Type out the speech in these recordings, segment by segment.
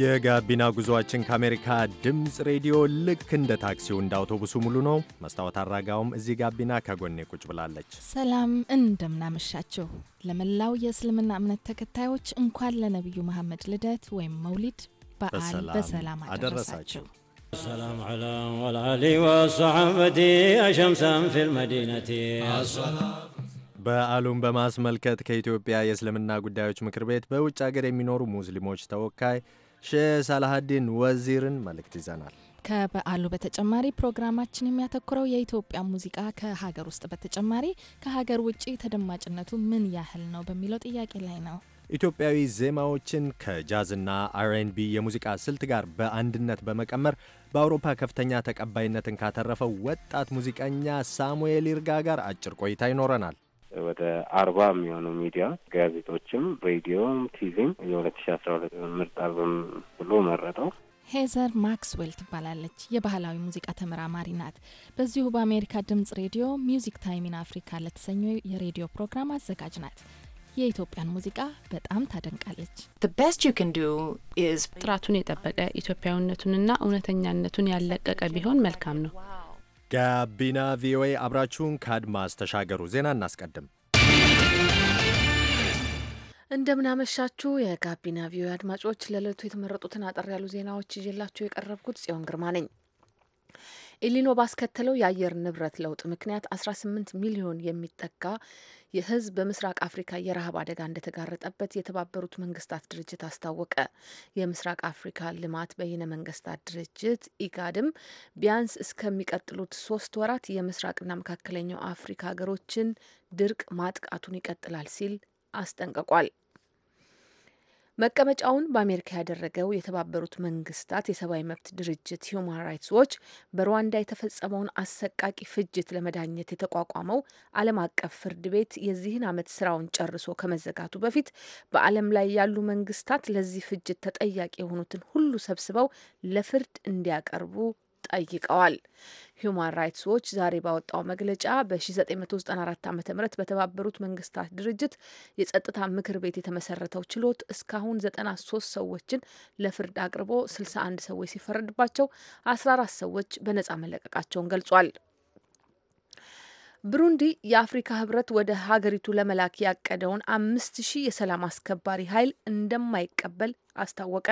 የጋቢና ጉዞአችን ከአሜሪካ ድምፅ ሬዲዮ ልክ እንደ ታክሲው እንደ አውቶቡሱ ሙሉ ነው። መስታወት አራጋውም እዚህ ጋቢና ከጎኔ ቁጭ ብላለች። ሰላም እንደምናመሻችሁ። ለመላው የእስልምና እምነት ተከታዮች እንኳን ለነቢዩ መሐመድ ልደት ወይም መውሊድ በዓል በሰላም አደረሳችሁ። السلام على والعلي وصحبتي شمسا في المدينة በዓሉን በማስመልከት ከኢትዮጵያ የእስልምና ጉዳዮች ምክር ቤት በውጭ ሀገር የሚኖሩ ሙስሊሞች ተወካይ ሼህ ሳላሀዲን ወዚርን መልእክት ይዘናል። ከበዓሉ በተጨማሪ ፕሮግራማችን የሚያተኩረው የኢትዮጵያ ሙዚቃ ከሀገር ውስጥ በተጨማሪ ከሀገር ውጭ ተደማጭነቱ ምን ያህል ነው በሚለው ጥያቄ ላይ ነው። ኢትዮጵያዊ ዜማዎችን ከጃዝና አርኤንቢ የሙዚቃ ስልት ጋር በአንድነት በመቀመር በአውሮፓ ከፍተኛ ተቀባይነትን ካተረፈው ወጣት ሙዚቀኛ ሳሙኤል ይርጋ ጋር አጭር ቆይታ ይኖረናል። ወደ አርባ የሚሆኑ ሚዲያ ጋዜጦችም፣ ሬዲዮም፣ ቲቪም የሁለት ሺ አስራ ሁለት ምርጥ አልበም ብሎ መረጠው። ሄዘር ማክስዌል ትባላለች። የባህላዊ ሙዚቃ ተመራማሪ ናት። በዚሁ በአሜሪካ ድምጽ ሬዲዮ ሚውዚክ ታይም ኢን አፍሪካ ለተሰኘው የሬዲዮ ፕሮግራም አዘጋጅ ናት። የኢትዮጵያን ሙዚቃ በጣም ታደንቃለች። ጥራቱን የጠበቀ ኢትዮጵያዊነቱንና እውነተኛነቱን ያለቀቀ ቢሆን መልካም ነው። ጋቢና ቪኦኤ አብራችሁን ከአድማስ ተሻገሩ። ዜና እናስቀድም። እንደምናመሻችሁ የጋቢና ቪኦኤ አድማጮች፣ ለዕለቱ የተመረጡትን አጠር ያሉ ዜናዎች ይዤላችሁ የቀረብኩት ጽዮን ግርማ ነኝ። ኤሊኖ ባስከተለው የአየር ንብረት ለውጥ ምክንያት 18 ሚሊዮን የሚጠጋ ህዝብ በምስራቅ አፍሪካ የረሃብ አደጋ እንደተጋረጠበት የተባበሩት መንግስታት ድርጅት አስታወቀ። የምስራቅ አፍሪካ ልማት በይነ መንግስታት ድርጅት ኢጋድም ቢያንስ እስከሚቀጥሉት ሶስት ወራት የምስራቅና መካከለኛው አፍሪካ ሀገሮችን ድርቅ ማጥቃቱን ይቀጥላል ሲል አስጠንቅቋል። መቀመጫውን በአሜሪካ ያደረገው የተባበሩት መንግስታት የሰብአዊ መብት ድርጅት ሂውማን ራይትስ ዎች በሩዋንዳ የተፈጸመውን አሰቃቂ ፍጅት ለመዳኘት የተቋቋመው ዓለም አቀፍ ፍርድ ቤት የዚህን ዓመት ስራውን ጨርሶ ከመዘጋቱ በፊት በዓለም ላይ ያሉ መንግስታት ለዚህ ፍጅት ተጠያቂ የሆኑትን ሁሉ ሰብስበው ለፍርድ እንዲያቀርቡ ጠይቀዋል። ሁማን ራይትስ ዎች ዛሬ ባወጣው መግለጫ በ1994 ዓ ም በተባበሩት መንግስታት ድርጅት የጸጥታ ምክር ቤት የተመሰረተው ችሎት እስካሁን 93 ሰዎችን ለፍርድ አቅርቦ 61 ሰዎች ሲፈረድባቸው 14 ሰዎች በነጻ መለቀቃቸውን ገልጿል። ብሩንዲ የአፍሪካ ህብረት ወደ ሀገሪቱ ለመላክ ያቀደውን አምስት ሺህ የሰላም አስከባሪ ኃይል እንደማይቀበል አስታወቀ።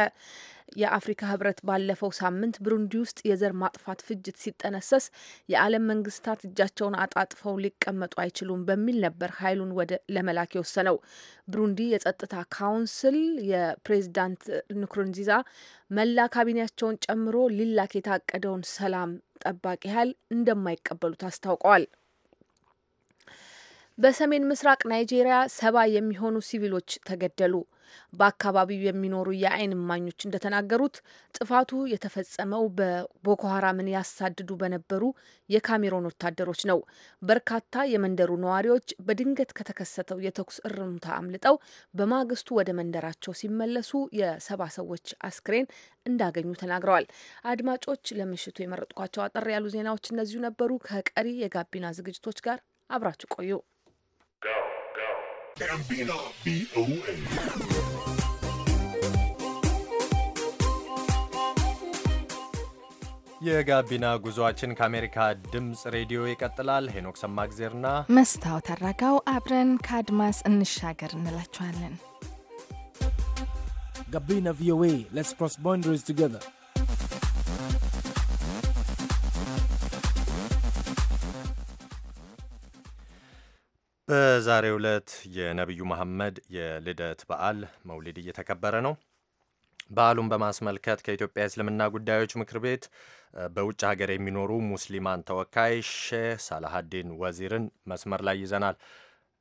የአፍሪካ ህብረት ባለፈው ሳምንት ብሩንዲ ውስጥ የዘር ማጥፋት ፍጅት ሲጠነሰስ የዓለም መንግስታት እጃቸውን አጣጥፈው ሊቀመጡ አይችሉም በሚል ነበር ኃይሉን ወደ ለመላክ የወሰነው። ብሩንዲ የጸጥታ ካውንስል የፕሬዚዳንት ንኩሩንዚዛ መላ ካቢኔያቸውን ጨምሮ ሊላክ የታቀደውን ሰላም ጠባቂ ኃይል እንደማይቀበሉት አስታውቀዋል። በሰሜን ምስራቅ ናይጄሪያ ሰባ የሚሆኑ ሲቪሎች ተገደሉ። በአካባቢው የሚኖሩ የአይን እማኞች እንደተናገሩት ጥፋቱ የተፈጸመው በቦኮ ሀራምን ያሳድዱ በነበሩ የካሜሮን ወታደሮች ነው። በርካታ የመንደሩ ነዋሪዎች በድንገት ከተከሰተው የተኩስ እርምታ አምልጠው በማግስቱ ወደ መንደራቸው ሲመለሱ የሰባ ሰዎች አስክሬን እንዳገኙ ተናግረዋል። አድማጮች፣ ለምሽቱ የመረጥኳቸው አጠር ያሉ ዜናዎች እነዚሁ ነበሩ። ከቀሪ የጋቢና ዝግጅቶች ጋር አብራችሁ ቆዩ። ጋቢና ቪኦኤ የጋቢና ጉዞአችን ከአሜሪካ ድምፅ ሬዲዮ ይቀጥላል። ሄኖክ ሰማግዜርና መስታወት አራጋው አብረን ከአድማስ እንሻገር እንላችኋለን። ጋቢና ቪኦኤ ሌትስ ክሮስ ቦንደሪስ ቱጌዘር በዛሬው ዕለት የነቢዩ መሐመድ የልደት በዓል መውሊድ እየተከበረ ነው። በዓሉን በማስመልከት ከኢትዮጵያ እስልምና ጉዳዮች ምክር ቤት በውጭ ሀገር የሚኖሩ ሙስሊማን ተወካይ ሼህ ሳላሀዲን ወዚርን መስመር ላይ ይዘናል።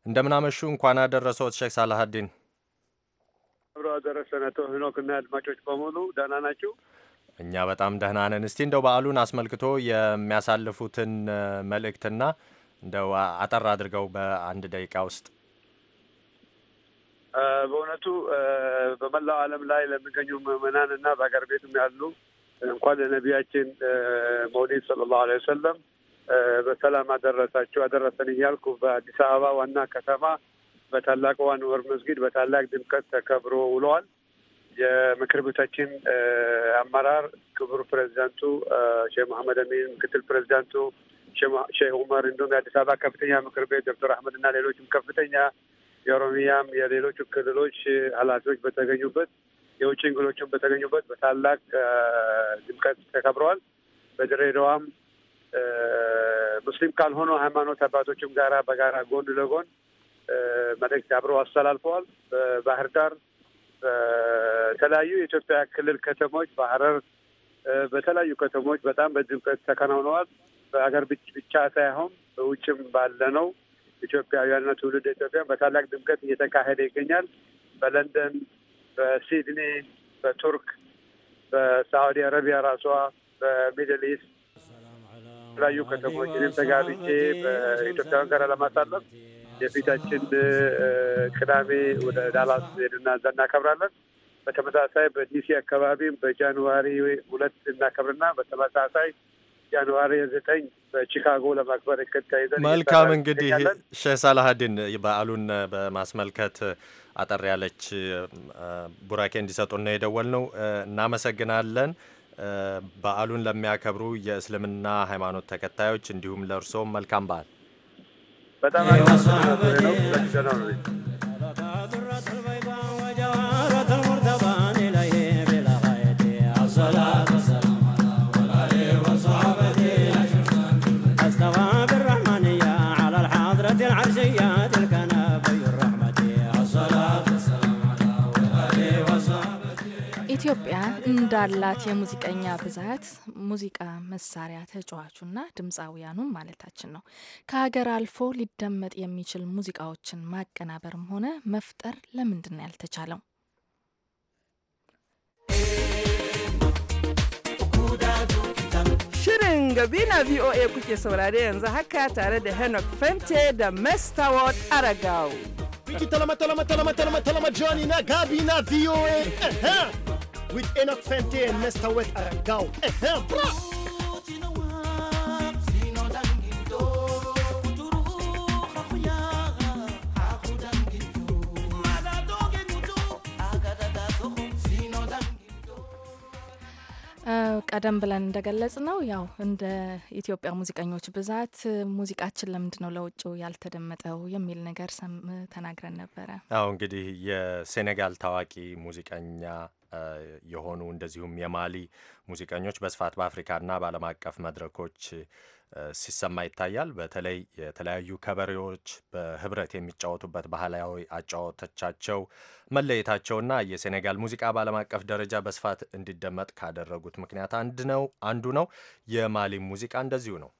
እንደምናመሹ እንኳን አደረሰዎት ሼህ ሳላሀዲን። አብሮ አደረሰን አቶ አድማጮች በሙሉ ደህና ናችሁ? እኛ በጣም ደህና ነን። እስቲ እንደው በዓሉን አስመልክቶ የሚያሳልፉትን መልእክትና እንደው አጠር አድርገው በአንድ ደቂቃ ውስጥ። በእውነቱ በመላው ዓለም ላይ ለሚገኙ ምዕመናን እና በሀገር ቤትም ያሉ እንኳን ለነቢያችን መውሊድ ሰለላሁ ዐለይሂ ወሰለም በሰላም አደረሳቸው አደረሰን እያልኩ በአዲስ አበባ ዋና ከተማ በታላቅ አንዋር መስጊድ በታላቅ ድምቀት ተከብሮ ውለዋል። የምክር ቤታችን አመራር ክቡር ፕሬዚዳንቱ ሼህ መሐመድ አሚን፣ ምክትል ፕሬዚዳንቱ ሼህ ኡመር እንዲሁም የአዲስ አበባ ከፍተኛ ምክር ቤት ዶክተር አህመድ እና ሌሎችም ከፍተኛ የኦሮሚያም የሌሎች ክልሎች ኃላፊዎች በተገኙበት የውጭ እንግሎችም በተገኙበት በታላቅ ድምቀት ተከብረዋል። በድሬዳዋም ሙስሊም ካልሆኑ ሃይማኖት አባቶችም ጋራ በጋራ ጎን ለጎን መልእክት አብረው አስተላልፈዋል። በባህር ዳር በተለያዩ የኢትዮጵያ ክልል ከተሞች በሐረር በተለያዩ ከተሞች በጣም በድምቀት ተከናውነዋል። በሀገር ብቻ ሳይሆን በውጭም ባለ ነው ኢትዮጵያውያንና ትውልድ ኢትዮጵያ በታላቅ ድምቀት እየተካሄደ ይገኛል። በለንደን፣ በሲድኒ፣ በቱርክ፣ በሳዑዲ አረቢያ ራሷ፣ በሚድል ኢስት የተለያዩ ከተሞች እኔም ተጋብቼ በኢትዮጵያውያን ጋር ለማሳለፍ የፊታችን ቅዳሜ ወደ ዳላስ ሄድና እዛ እናከብራለን። በተመሳሳይ በዲሲ አካባቢ በጃንዋሪ ሁለት እናከብርና በተመሳሳይ ጃንዋሪ ዘጠኝ በቺካጎ ለማክበር እቅድ ተይዘን መልካም። እንግዲህ ሼህ ሳላሀዲን በዓሉን በማስመልከት አጠር ያለች ቡራኬ እንዲሰጡን ነው ነው። እናመሰግናለን። በዓሉን ለሚያከብሩ የእስልምና ሃይማኖት ተከታዮች እንዲሁም ለእርስዎም መልካም በዓል። በጣም ነው ኢትዮጵያ እንዳላት የሙዚቀኛ ብዛት ሙዚቃ መሳሪያ ተጫዋቹና ድምፃውያኑም ማለታችን ነው ከሀገር አልፎ ሊደመጥ የሚችል ሙዚቃዎችን ማቀናበርም ሆነ መፍጠር ለምንድን ነው ያልተቻለው? Shirin Gabina VOA kuke saurare yanzu haka tare da Henok Fente da Mestaward Aragao. Biki talama talama talama talama talama Johnny na Gabi na VOA. with Enoch Fenty and Mr. Wet Arangao. Uh, ቀደም ብለን እንደገለጽ ነው ያው እንደ ኢትዮጵያ ሙዚቀኞች ብዛት ሙዚቃችን ለምንድን ነው ለውጭ ያልተደመጠው የሚል ነገር ተናግረን ነበረ። አዎ እንግዲህ የሴኔጋል ታዋቂ ሙዚቀኛ የሆኑ እንደዚሁም የማሊ ሙዚቀኞች በስፋት በአፍሪካና በዓለም አቀፍ መድረኮች ሲሰማ ይታያል። በተለይ የተለያዩ ከበሬዎች በህብረት የሚጫወቱበት ባህላዊ አጫወቶቻቸው መለየታቸውና የሴኔጋል ሙዚቃ በዓለም አቀፍ ደረጃ በስፋት እንዲደመጥ ካደረጉት ምክንያት አንድ ነው አንዱ ነው። የማሊ ሙዚቃ እንደዚሁ ነው።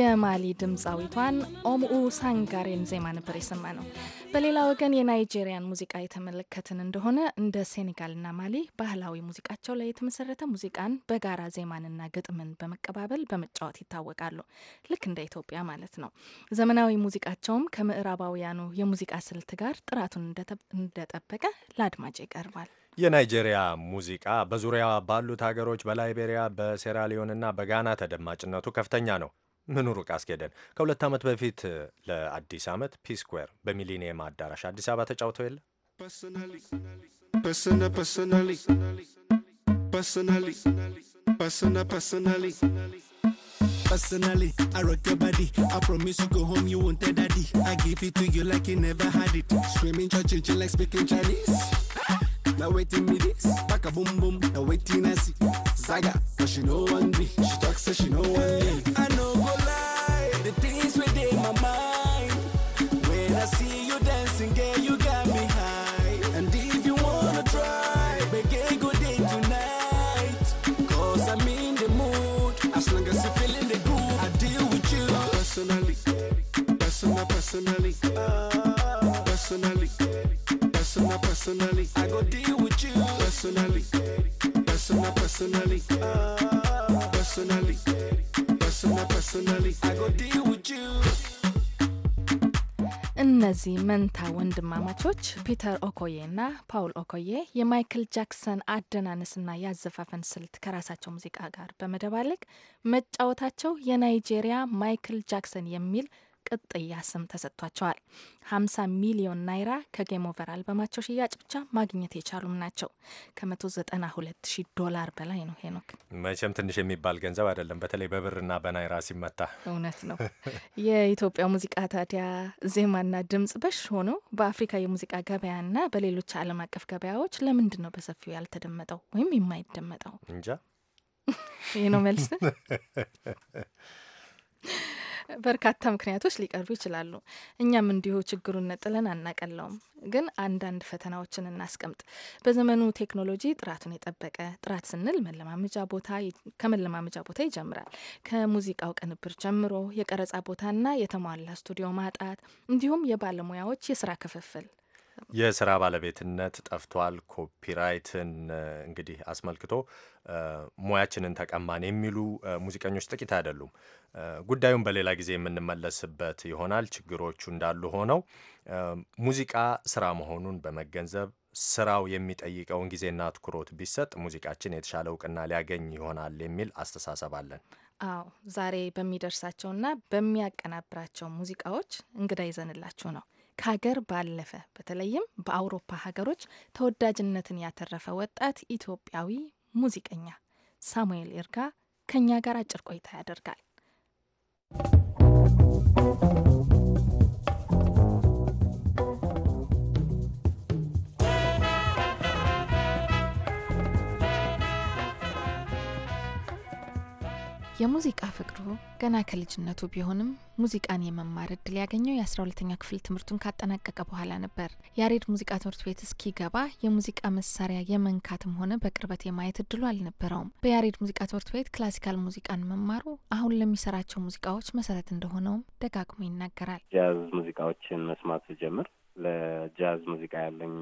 የማሊ ድምፃዊቷን ኦምኡ ሳንጋሬን ዜማ ነበር የሰማ ነው። በሌላ ወገን የናይጄሪያን ሙዚቃ የተመለከትን እንደሆነ እንደ ሴኔጋልና ማሊ ባህላዊ ሙዚቃቸው ላይ የተመሰረተ ሙዚቃን በጋራ ዜማንና ግጥምን በመቀባበል በመጫወት ይታወቃሉ። ልክ እንደ ኢትዮጵያ ማለት ነው። ዘመናዊ ሙዚቃቸውም ከምዕራባውያኑ የሙዚቃ ስልት ጋር ጥራቱን እንደጠበቀ ለአድማጭ ይቀርባል። የናይጄሪያ ሙዚቃ በዙሪያ ባሉት ሀገሮች በላይቤሪያ፣ በሴራሊዮንና በጋና ተደማጭነቱ ከፍተኛ ነው። ምኑ ሩቅ አስኬደን ከሁለት ዓመት በፊት ለአዲስ ዓመት ፒስኩዌር በሚሊኒየም አዳራሽ አዲስ አበባ ተጫውተው የለ Personally, I rock your body. I promise you go home, you won't tell daddy. I give it to you like you never had it. Screaming, judging, chill, like speaking Chinese. Now waiting me this, back a boom boom. Now waiting I see Saga, but she know one me. She talks, so she know one me. I know. my mind. When I see you dancing, girl, you got me high. And if you wanna try, make a good day tonight. Cause I'm in the mood. As long as you're feeling the good, I deal with you. Personally, personal, personally. Personally, personal, personally. I go deal with you. Personally, personal, personally. Personally, personal, personally. I go deal with you. እነዚህ መንታ ወንድማማቾች ፒተር ኦኮዬ እና ፓውል ኦኮዬ የማይክል ጃክሰን አደናነስና የአዘፋፈን ስልት ከራሳቸው ሙዚቃ ጋር በመደባለቅ መጫወታቸው የናይጄሪያ ማይክል ጃክሰን የሚል ቅጥያ ስም ተሰጥቷቸዋል። 50 ሚሊዮን ናይራ ከጌም ኦቨር አልበማቸው ሽያጭ ብቻ ማግኘት የቻሉም ናቸው። ከ192 ሺ ዶላር በላይ ነው። ሄኖክ መቼም ትንሽ የሚባል ገንዘብ አይደለም፣ በተለይ በብርና በናይራ ሲመታ እውነት ነው። የኢትዮጵያ ሙዚቃ ታዲያ ዜማና ድምጽ በሽ ሆኖ በአፍሪካ የሙዚቃ ገበያና በሌሎች ዓለም አቀፍ ገበያዎች ለምንድን ነው በሰፊው ያልተደመጠው ወይም የማይደመጠው? እንጃ። ይህ ነው መልስ። በርካታ ምክንያቶች ሊቀርቡ ይችላሉ። እኛም እንዲሁ ችግሩን ነጥለን አናቀለውም። ግን አንዳንድ ፈተናዎችን እናስቀምጥ። በዘመኑ ቴክኖሎጂ ጥራቱን የጠበቀ ጥራት ስንል መለማመጃ ቦታ ከመለማመጃ ቦታ ይጀምራል። ከሙዚቃው ቅንብር ጀምሮ የቀረጻ ቦታና የተሟላ ስቱዲዮ ማጣት፣ እንዲሁም የባለሙያዎች የስራ ክፍፍል የስራ ባለቤትነት ጠፍቷል። ኮፒራይትን እንግዲህ አስመልክቶ ሙያችንን ተቀማን የሚሉ ሙዚቀኞች ጥቂት አይደሉም። ጉዳዩን በሌላ ጊዜ የምንመለስበት ይሆናል። ችግሮቹ እንዳሉ ሆነው ሙዚቃ ስራ መሆኑን በመገንዘብ ስራው የሚጠይቀውን ጊዜና ትኩሮት ቢሰጥ ሙዚቃችን የተሻለ እውቅና ሊያገኝ ይሆናል የሚል አስተሳሰብ አለን። አዎ ዛሬ በሚደርሳቸውና በሚያቀናብራቸው ሙዚቃዎች እንግዳ ይዘንላችሁ ነው። ከሀገር ባለፈ በተለይም በአውሮፓ ሀገሮች ተወዳጅነትን ያተረፈ ወጣት ኢትዮጵያዊ ሙዚቀኛ ሳሙኤል ይርጋ ከእኛ ጋር አጭር ቆይታ ያደርጋል። የሙዚቃ ፍቅሩ ገና ከልጅነቱ ቢሆንም ሙዚቃን የመማር እድል ያገኘው የ12ተኛ ክፍል ትምህርቱን ካጠናቀቀ በኋላ ነበር። ያሬድ ሙዚቃ ትምህርት ቤት እስኪገባ የሙዚቃ መሳሪያ የመንካትም ሆነ በቅርበት የማየት እድሉ አልነበረውም። በያሬድ ሙዚቃ ትምህርት ቤት ክላሲካል ሙዚቃን መማሩ አሁን ለሚሰራቸው ሙዚቃዎች መሰረት እንደሆነውም ደጋግሞ ይናገራል። ጃዝ ሙዚቃዎችን መስማት ስጀምር ለጃዝ ሙዚቃ ያለኝ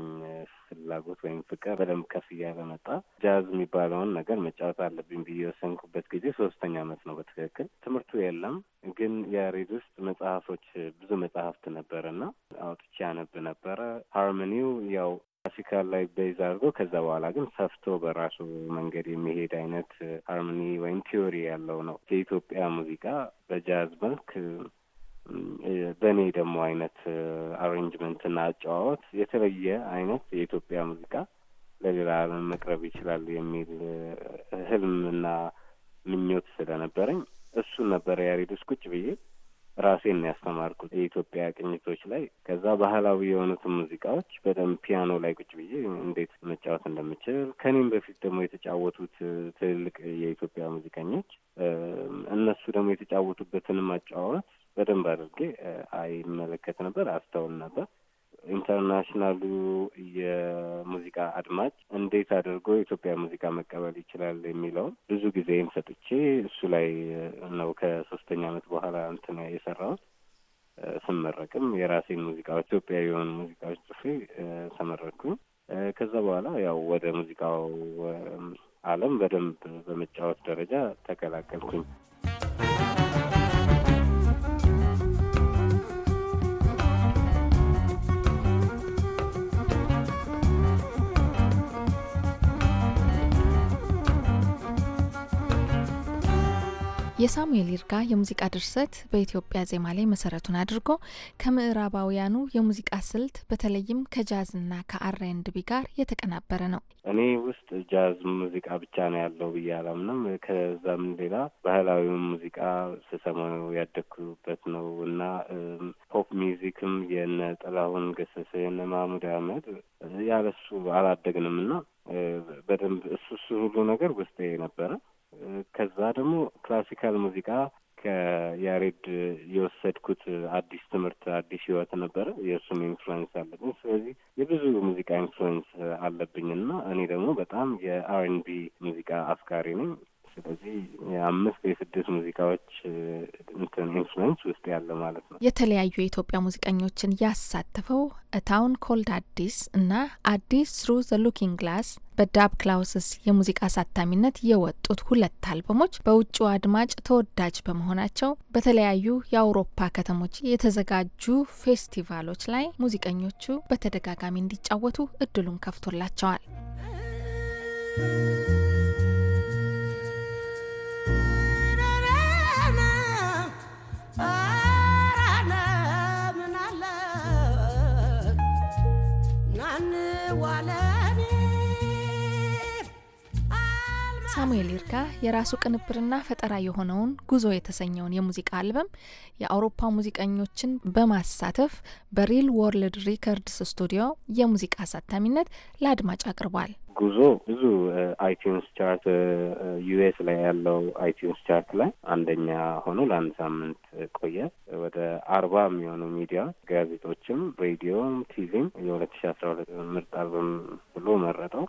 ፍላጎት ወይም ፍቅር በደንብ ከፍ እያለ መጣ። ጃዝ የሚባለውን ነገር መጫወት አለብኝ ብዬ የወሰንኩበት ጊዜ ሶስተኛ አመት ነው በትክክል ትምህርቱ የለም፣ ግን የሬድ ውስጥ መጽሐፎች ብዙ መጽሐፍት ነበር እና አውጥቼ አነብ ነበረ። ሃርሞኒው ያው ክላሲካል ላይ ቤዝ አድርጎ ከዛ በኋላ ግን ሰፍቶ በራሱ መንገድ የሚሄድ አይነት ሃርሞኒ ወይም ቲዮሪ ያለው ነው። የኢትዮጵያ ሙዚቃ በጃዝ መልክ በእኔ ደግሞ አይነት አሬንጅመንት እና አጨዋወት የተለየ አይነት የኢትዮጵያ ሙዚቃ ለሌላ ዓለም መቅረብ ይችላል የሚል ህልምና ምኞት ስለነበረኝ እሱን ነበረ ያሬዶስ ቁጭ ብዬ ራሴን ያስተማርኩት የኢትዮጵያ ቅኝቶች ላይ። ከዛ ባህላዊ የሆኑትን ሙዚቃዎች በደንብ ፒያኖ ላይ ቁጭ ብዬ እንዴት መጫወት እንደምችል ከኔም በፊት ደግሞ የተጫወቱት ትልልቅ የኢትዮጵያ ሙዚቀኞች እነሱ ደግሞ የተጫወቱበትንም አጫዋወት በደንብ አድርጌ አይመለከት ነበር፣ አስተውል ነበር። ኢንተርናሽናሉ የሙዚቃ አድማጭ እንዴት አድርጎ የኢትዮጵያ ሙዚቃ መቀበል ይችላል የሚለውን ብዙ ጊዜ ሰጥቼ እሱ ላይ ነው ከሶስተኛ ዓመት በኋላ እንትን የሰራሁት። ስመረቅም የራሴን ሙዚቃ ኢትዮጵያ የሆኑ ሙዚቃዎች ጽፌ ተመረቅኩ። ከዛ በኋላ ያው ወደ ሙዚቃው ዓለም በደንብ በመጫወት ደረጃ ተቀላቀልኩኝ። የሳሙኤል ይርጋ የሙዚቃ ድርሰት በኢትዮጵያ ዜማ ላይ መሰረቱን አድርጎ ከምዕራባውያኑ የሙዚቃ ስልት በተለይም ከጃዝና ከአር ጋር የተቀናበረ ነው። እኔ ውስጥ ጃዝ ሙዚቃ ብቻ ነው ያለው ብዬ አላምንም። ከዛም ሌላ ባህላዊ ሙዚቃ ስሰማ ያደግኩበት ነው እና ፖፕ ሚዚክም የነ ጥላሁን ገሰሰ የነ ማሙድ አህመድ ያለሱ አላደግንም እና በደንብ እሱ እሱ ሁሉ ነገር ውስጤ ነበረ። ከዛ ደግሞ ክላሲካል ሙዚቃ ከያሬድ የወሰድኩት አዲስ ትምህርት አዲስ ህይወት ነበረ። የእሱም ኢንፍሉዌንስ አለብኝ። ስለዚህ የብዙ ሙዚቃ ኢንፍሉዌንስ አለብኝ እና እኔ ደግሞ በጣም የአርኤንቢ ሙዚቃ አፍቃሪ ነኝ። ስለዚህ የአምስት የስድስት ሙዚቃዎች እንትን ኢንፍሉዌንስ ውስጥ ያለ ማለት ነው። የተለያዩ የኢትዮጵያ ሙዚቀኞችን ያሳተፈው እታውን ኮልድ አዲስ እና አዲስ ስሩ ዘ ሉኪንግ ግላስ በዳብ ክላውስስ የሙዚቃ አሳታሚነት የወጡት ሁለት አልበሞች በውጭው አድማጭ ተወዳጅ በመሆናቸው በተለያዩ የአውሮፓ ከተሞች የተዘጋጁ ፌስቲቫሎች ላይ ሙዚቀኞቹ በተደጋጋሚ እንዲጫወቱ እድሉን ከፍቶላቸዋል። ሳሙኤል ይርጋ የራሱ ቅንብርና ፈጠራ የሆነውን ጉዞ የተሰኘውን የሙዚቃ አልበም የአውሮፓ ሙዚቀኞችን በማሳተፍ በሪል ወርልድ ሪከርድስ ስቱዲዮ የሙዚቃ አሳታሚነት ለአድማጭ አቅርቧል። ጉዞ ብዙ አይቲዩንስ ቻርት ዩኤስ ላይ ያለው አይቲዩንስ ቻርት ላይ አንደኛ ሆኖ ለአንድ ሳምንት ቆየ። ወደ አርባ የሚሆኑ ሚዲያ ጋዜጦችም፣ ሬዲዮም፣ ቲቪም የሁለት ሺ አስራ ሁለት ምርጥ አልበም ብሎ መረጠው።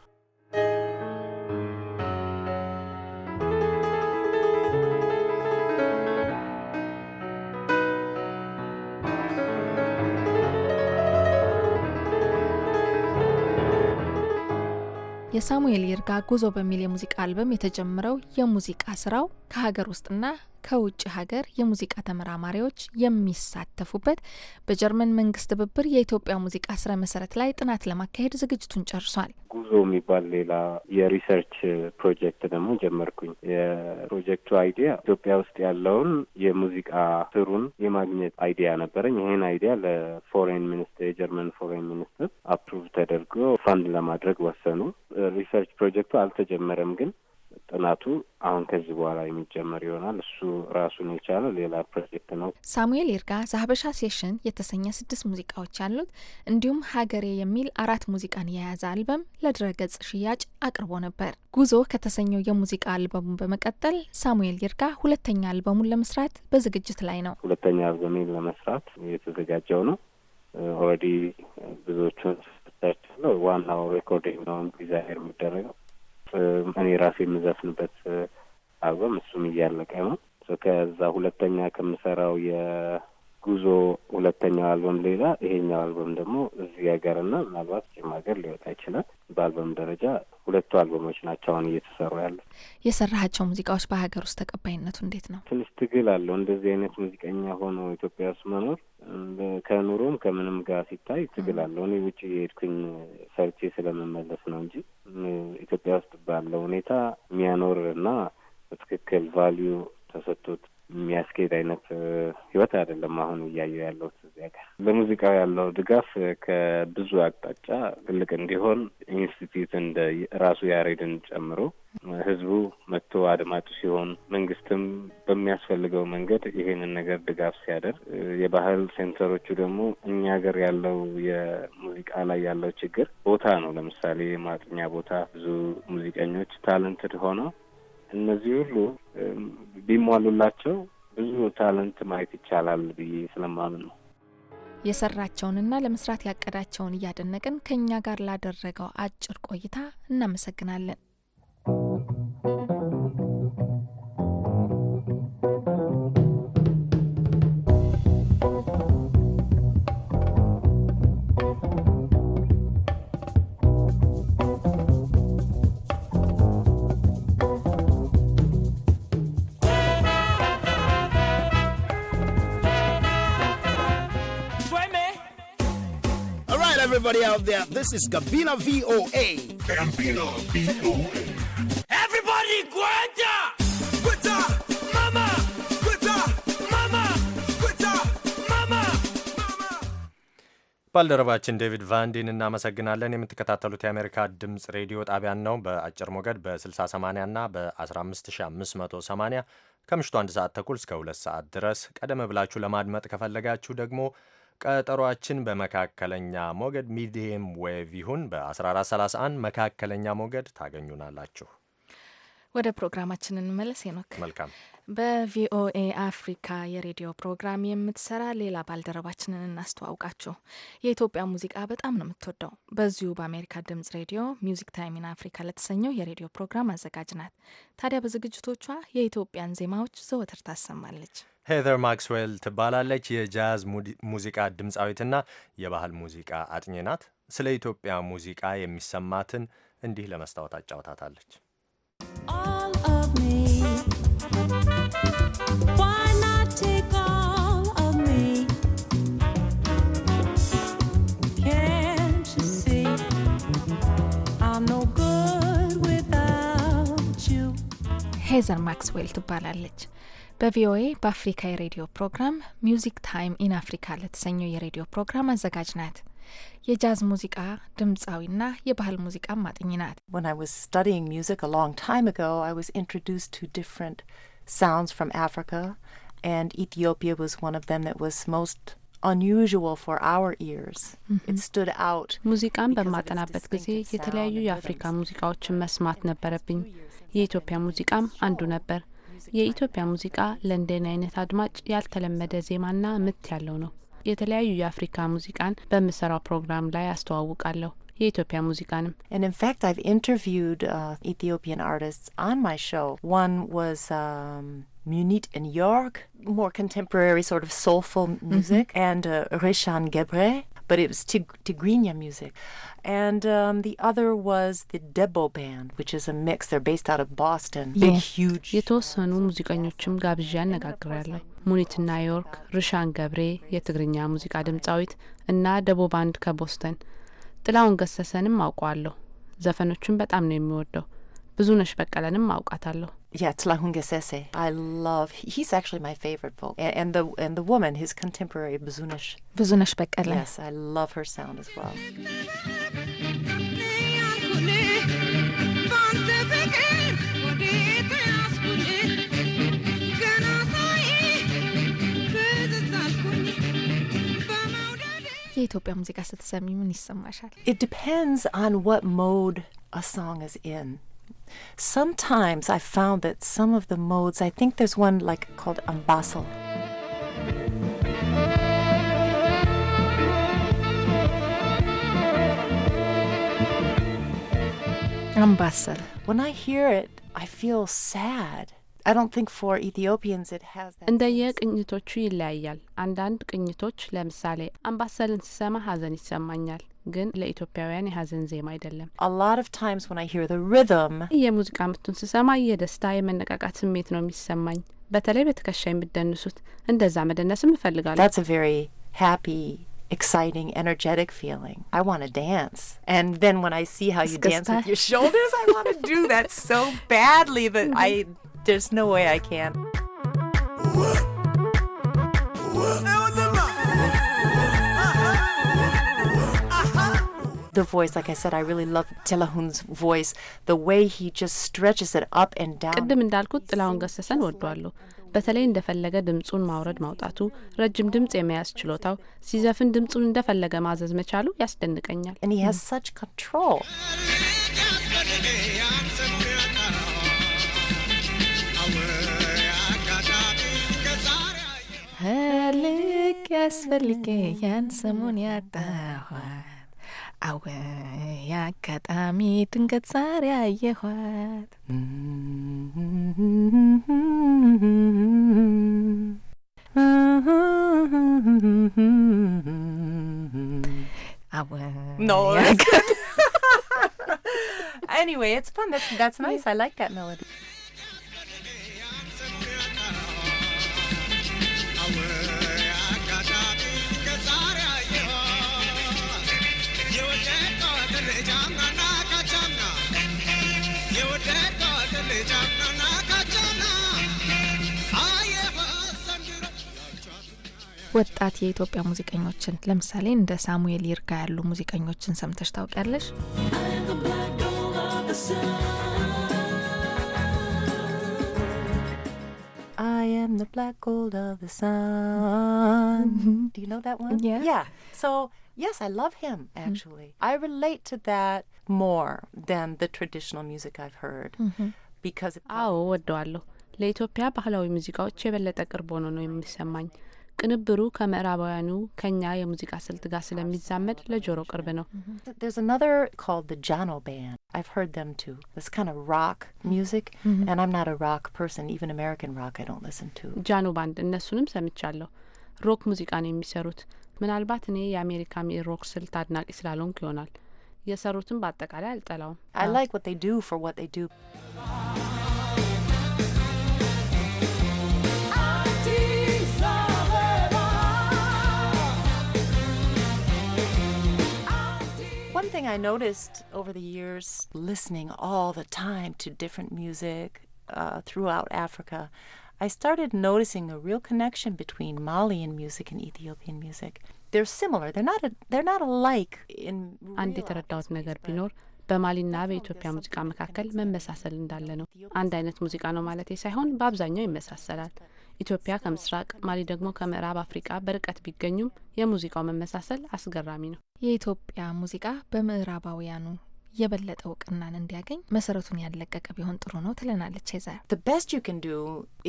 የሳሙኤል ይርጋ ጉዞ በሚል የሙዚቃ አልበም የተጀመረው የሙዚቃ ስራው ከሀገር ውስጥና ከውጭ ሀገር የሙዚቃ ተመራማሪዎች የሚሳተፉበት በጀርመን መንግስት ትብብር የኢትዮጵያ ሙዚቃ ስረ መሰረት ላይ ጥናት ለማካሄድ ዝግጅቱን ጨርሷል። ጉዞ የሚባል ሌላ የሪሰርች ፕሮጀክት ደግሞ ጀመርኩኝ። የፕሮጀክቱ አይዲያ ኢትዮጵያ ውስጥ ያለውን የሙዚቃ ስሩን የማግኘት አይዲያ ነበረኝ። ይህን አይዲያ ለፎሬን ሚኒስትር የጀርመን ፎሬን ሚኒስትር አፕሩቭ ተደርጎ ፋንድ ለማድረግ ወሰኑ። ሪሰርች ፕሮጀክቱ አልተጀመረም ግን ጥናቱ አሁን ከዚህ በኋላ የሚጀመር ይሆናል። እሱ ራሱን የቻለ ሌላ ፕሮጀክት ነው። ሳሙኤል ይርጋ ዛሀበሻ ሴሽን የተሰኘ ስድስት ሙዚቃዎች ያሉት እንዲሁም ሀገሬ የሚል አራት ሙዚቃን የያዘ አልበም ለድረገጽ ሽያጭ አቅርቦ ነበር። ጉዞ ከተሰኘው የሙዚቃ አልበሙን በመቀጠል ሳሙኤል ይርጋ ሁለተኛ አልበሙን ለመስራት በዝግጅት ላይ ነው። ሁለተኛ አልበሜን ለመስራት የተዘጋጀው ነው። ኦልሬዲ ብዙዎቹን ስታቸው ዋናው ሬኮርዲንግ ነው ዲዛይር የሚደረገው እኔ ራሴ የምዘፍንበት አልበም እሱም እያለቀ ነው። ከዛ ሁለተኛ ከምሰራው የጉዞ ሁለተኛው አልበም ሌላ ይሄኛው አልበም ደግሞ እዚህ ሀገርና ምናልባት ጭም ሀገር ሊወጣ ይችላል። በአልበም ደረጃ ሁለቱ አልበሞች ናቸው አሁን እየተሰሩ ያለ። የሰራሃቸው ሙዚቃዎች በሀገር ውስጥ ተቀባይነቱ እንዴት ነው? ትንሽ ትግል አለው። እንደዚህ አይነት ሙዚቀኛ ሆኖ ኢትዮጵያ ውስጥ መኖር ከኑሮም ከምንም ጋር ሲታይ ትግል አለው። እኔ ውጭ የሄድኩኝ ሰርቼ ስለመመለስ ነው እንጂ ኢትዮጵያ ውስጥ ባለው ሁኔታ የሚያኖር እና በትክክል ቫሊዩ ተሰጥቶት የሚያስኬድ አይነት ህይወት አይደለም አሁን እያየው ያለሁት። እዚያ ጋር ለሙዚቃው ያለው ድጋፍ ከብዙ አቅጣጫ ትልቅ እንዲሆን ኢንስቲትዩት እንደ ራሱ ያሬድን ጨምሮ ህዝቡ መጥቶ አድማጭ ሲሆን፣ መንግስትም በሚያስፈልገው መንገድ ይሄንን ነገር ድጋፍ ሲያደርግ፣ የባህል ሴንተሮቹ ደግሞ እኛ ሀገር ያለው የሙዚቃ ላይ ያለው ችግር ቦታ ነው። ለምሳሌ ማጥኛ ቦታ ብዙ ሙዚቀኞች ታለንትድ ሆነው እነዚህ ሁሉ ቢሟሉላቸው ብዙ ታለንት ማየት ይቻላል ብዬ ስለማምን ነው። የሰራቸውንና ለመስራት ያቀዳቸውን እያደነቅን ከእኛ ጋር ላደረገው አጭር ቆይታ እናመሰግናለን። everybody out there. This is Gabina VOA. Gabina VOA. Everybody, Guanta! Guanta! Mama! Guanta! Mama! Guanta! Mama! ባልደረባችን ዴቪድ ቫንዲን እናመሰግናለን። የምትከታተሉት የአሜሪካ ድምፅ ሬዲዮ ጣቢያን ነው። በአጭር ሞገድ በ6080 እና በ15580 ከምሽቱ አንድ ሰዓት ተኩል እስከ ሁለት ሰዓት ድረስ ቀደም ብላችሁ ለማድመጥ ከፈለጋችሁ ደግሞ ቀጠሯችን በመካከለኛ ሞገድ ሚዲየም ዌቭ ይሁን በ1431 መካከለኛ ሞገድ ታገኙናላችሁ። ወደ ፕሮግራማችን እንመለስ። ሄኖክ መልካም። በቪኦኤ አፍሪካ የሬዲዮ ፕሮግራም የምትሰራ ሌላ ባልደረባችንን እናስተዋውቃችሁ። የኢትዮጵያ ሙዚቃ በጣም ነው የምትወደው። በዚሁ በአሜሪካ ድምጽ ሬዲዮ ሚውዚክ ታይም ኢን አፍሪካ ለተሰኘው የሬዲዮ ፕሮግራም አዘጋጅ ናት። ታዲያ በዝግጅቶቿ የኢትዮጵያን ዜማዎች ዘወትር ታሰማለች። ሄዘር ማክስዌል ትባላለች። የጃዝ ሙዚቃ ድምፃዊትና የባህል ሙዚቃ አጥኚ ናት። ስለ ኢትዮጵያ ሙዚቃ የሚሰማትን እንዲህ ለመስታወት አጫውታታለች። ሄዘር ማክስዌል ትባላለች። በቪኦኤ በአፍሪካ የሬዲዮ ፕሮግራም ሚውዚክ ታይም ኢን አፍሪካ ለተሰኘው የሬዲዮ ፕሮግራም አዘጋጅ ናት። የጃዝ ሙዚቃ ድምፃዊና የባህል ሙዚቃ ማጥኝ ናት። sounds from Africa, and Ethiopia was one of them that was most unusual for our ears. Mm-hmm. It stood out. ሙዚቃን በማጠናበት ጊዜ የተለያዩ የአፍሪካ ሙዚቃዎችን መስማት ነበረብኝ። የኢትዮጵያ ሙዚቃም አንዱ ነበር። የኢትዮጵያ ሙዚቃ ለእንደኔ አይነት አድማጭ ያልተለመደ ዜማና ምት ያለው ነው። የተለያዩ የአፍሪካ ሙዚቃን በምሰራው ፕሮግራም ላይ አስተዋውቃለሁ። የኢትዮጵያ ሙዚቃንም And in fact I've interviewed uh, Ethiopian artists on my show. One was um, Munit in York, more contemporary sort of soulful mm-hmm. music, mm -hmm. and uh, Gebre, but it was Tig- Tigrinya music. And um, the other was the Debo Band, which is a mix. They're based out of Boston. Big, huge. የተወሰኑ ሙዚቀኞችም ጋብዣ ያነጋግራለሁ። ሙኒትና ዮርክ፣ ርሻን ገብሬ የትግርኛ ሙዚቃ ድምፃዊት እና ደቦ ባንድ ከቦስተን ጥላውን ገሰሰንም አውቀዋለሁ። ዘፈኖቹን በጣም ነው የሚወደው። ብዙ ነሽ በቀለንም አውቃታለሁ። Yeah, Tlahunga Sese. I love. He's actually my favorite folk, and, and the and the woman, his contemporary, Buzunish. Buzunish Bekele. Yes, I love her sound as well. It depends on what mode a song is in. Sometimes I found that some of the modes, I think there's one like called Ambasal. Ambasal. When I hear it, I feel sad. I don't think for Ethiopians it has that. እንደየቅኝቶቹ ይለያያል። አንዳንድ ቅኝቶች ለምሳሌ አምባሰልን ስሰማ ሐዘን ይሰማኛል። ግን ለኢትዮጵያውያን የሀዘን ዜማ አይደለም። a lot of times when I hear the rhythm የሙዚቃ ምቱን ስሰማ የደስታ የመነቃቃት ስሜት ነው የሚሰማኝ። በተለይ በትከሻ የሚደንሱት እንደዛ መደነስም እፈልጋለሁ። that's a very happy exciting, energetic feeling. I want to dance. And then when I see how you dance with your shoulders, I want to do that so badly, but I there's no way I can. the voice. Like I said, I really love Telahun's voice. The way he just stretches it up and down. ቅድም እንዳልኩት ጥላሁን ገሰሰን ወደዋለሁ። በተለይ እንደፈለገ ድምፁን ማውረድ ማውጣቱ፣ ረጅም ድምፅ የመያዝ ችሎታው፣ ሲዘፍን ድምፁን እንደፈለገ ማዘዝ መቻሉ ያስደንቀኛል። And he has such control. ልቅ ያስፈልገ ያን ሰሞን ያጣኋል አወያ አጋጣሚ ድንገት ዛሬ አየኋት No. anyway, it's fun. That's that's nice. I like that melody. ወጣት የኢትዮጵያ ሙዚቀኞችን ለምሳሌ እንደ ሳሙኤል ይርጋ ያሉ ሙዚቀኞችን ሰምተሽ ታውቂያለሽ? I am the black gold of the sun. Do you know that one? Yeah. Yeah. So, yes, I love him, actually. Mm-hmm. I relate to that more than the traditional music I've heard mm-hmm. because. አዎ ወደዋለሁ። ለኢትዮጵያ ባህላዊ ሙዚቃዎች የበለጠ ቅርብ ሆኖ ነው የሚሰማኝ። ቅንብሩ ከምዕራባውያኑ ከኛ የሙዚቃ ስልት ጋር ስለሚዛመድ ለጆሮ ቅርብ ነው። ጃኖ ባንድ mm-hmm. እነሱንም ሰምቻለሁ። ሮክ ሙዚቃ ነው የሚሰሩት። ምናልባት እኔ የአሜሪካ የሮክ ስልት አድናቂ ስላልሆንኩ ይሆናል። የሰሩትም በአጠቃላይ አልጠላውም። one thing I noticed over the years, listening all the time to different music uh, throughout Africa, I started noticing a real connection between Malian music and Ethiopian music. They're similar. They're not. A, they're not alike in. አንድ የተረዳሁት ነገር ቢኖር በማሊና በኢትዮጵያ ሙዚቃ መካከል መመሳሰል እንዳለ ነው። አንድ አይነት ሙዚቃ ነው ማለት ሳይሆን በአብዛኛው ይመሳሰላል። ኢትዮጵያ ከምስራቅ፣ ማሊ ደግሞ ከምዕራብ አፍሪቃ በርቀት ቢገኙም የሙዚቃው መመሳሰል አስገራሚ ነው። የኢትዮጵያ ሙዚቃ በምዕራባውያኑ የበለጠ እውቅናን እንዲያገኝ መሰረቱን ያለቀቀ ቢሆን ጥሩ ነው ትለናለች። የዛ the best you can do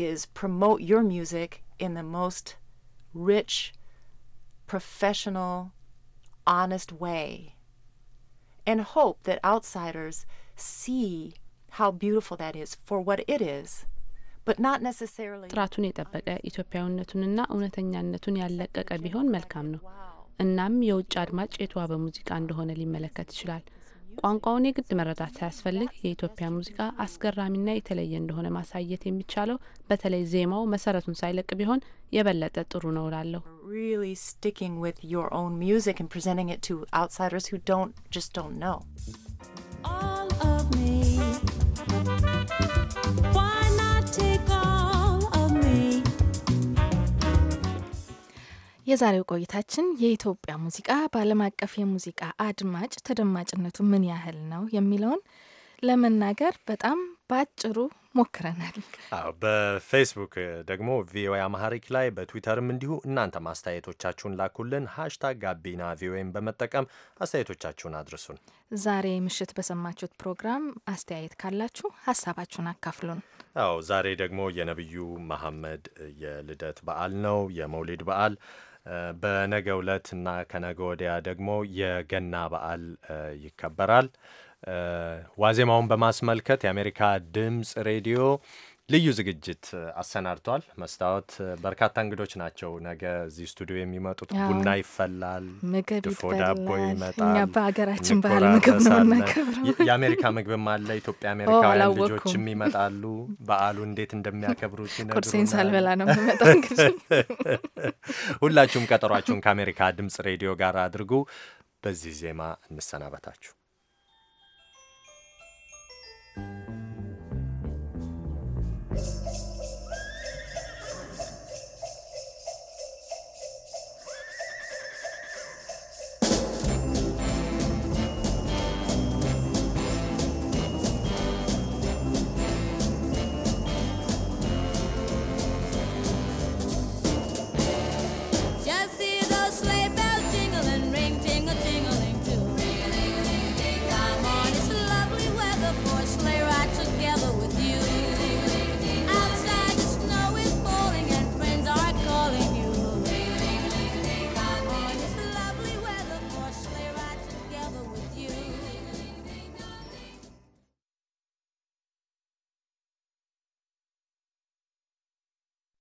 is promote your music in the most rich, professional, honest way and hope that outsiders see how beautiful that is for what it is. ጥራቱን የጠበቀ ኢትዮጵያዊነቱንና እውነተኛነቱን ያለቀቀ ቢሆን መልካም ነው። እናም የውጭ አድማጭ የተዋበ ሙዚቃ እንደሆነ ሊመለከት ይችላል። ቋንቋውን የግድ መረዳት ሳያስፈልግ የኢትዮጵያ ሙዚቃ አስገራሚና የተለየ እንደሆነ ማሳየት የሚቻለው በተለይ ዜማው መሰረቱን ሳይለቅ ቢሆን የበለጠ ጥሩ ነው እላለሁ። ሪሊ የዛሬው ቆይታችን የኢትዮጵያ ሙዚቃ በዓለም አቀፍ የሙዚቃ አድማጭ ተደማጭነቱ ምን ያህል ነው የሚለውን ለመናገር በጣም በአጭሩ ሞክረናል። በፌስቡክ ደግሞ ቪኦኤ አማሐሪክ ላይ በትዊተርም እንዲሁ እናንተ ማስተያየቶቻችሁን ላኩልን። ሀሽታግ ጋቢና ቪኦኤን በመጠቀም አስተያየቶቻችሁን አድርሱን። ዛሬ ምሽት በሰማችሁት ፕሮግራም አስተያየት ካላችሁ ሀሳባችሁን አካፍሉን። አዎ ዛሬ ደግሞ የነቢዩ መሐመድ የልደት በዓል ነው፣ የመውሊድ በዓል በነገ ዕለት እና ከነገ ወዲያ ደግሞ የገና በዓል ይከበራል። ዋዜማውን በማስመልከት የአሜሪካ ድምፅ ሬዲዮ ልዩ ዝግጅት አሰናድቷል። መስታወት በርካታ እንግዶች ናቸው ነገ እዚህ ስቱዲዮ የሚመጡት። ቡና ይፈላል፣ ምግብ ድፎ ዳቦ ይመጣል። በሀገራችን ባህል ምግብ ነው እናከብረው። የአሜሪካ ምግብም አለ። ኢትዮጵያ አሜሪካውያን ልጆችም ይመጣሉ። በዓሉ እንዴት እንደሚያከብሩት ቁርሴን ሳልበላ ነው የምመጣው። ሁላችሁም ቀጠሯችሁን ከአሜሪካ ድምጽ ሬዲዮ ጋር አድርጉ። በዚህ ዜማ እንሰናበታችሁ። Thank you.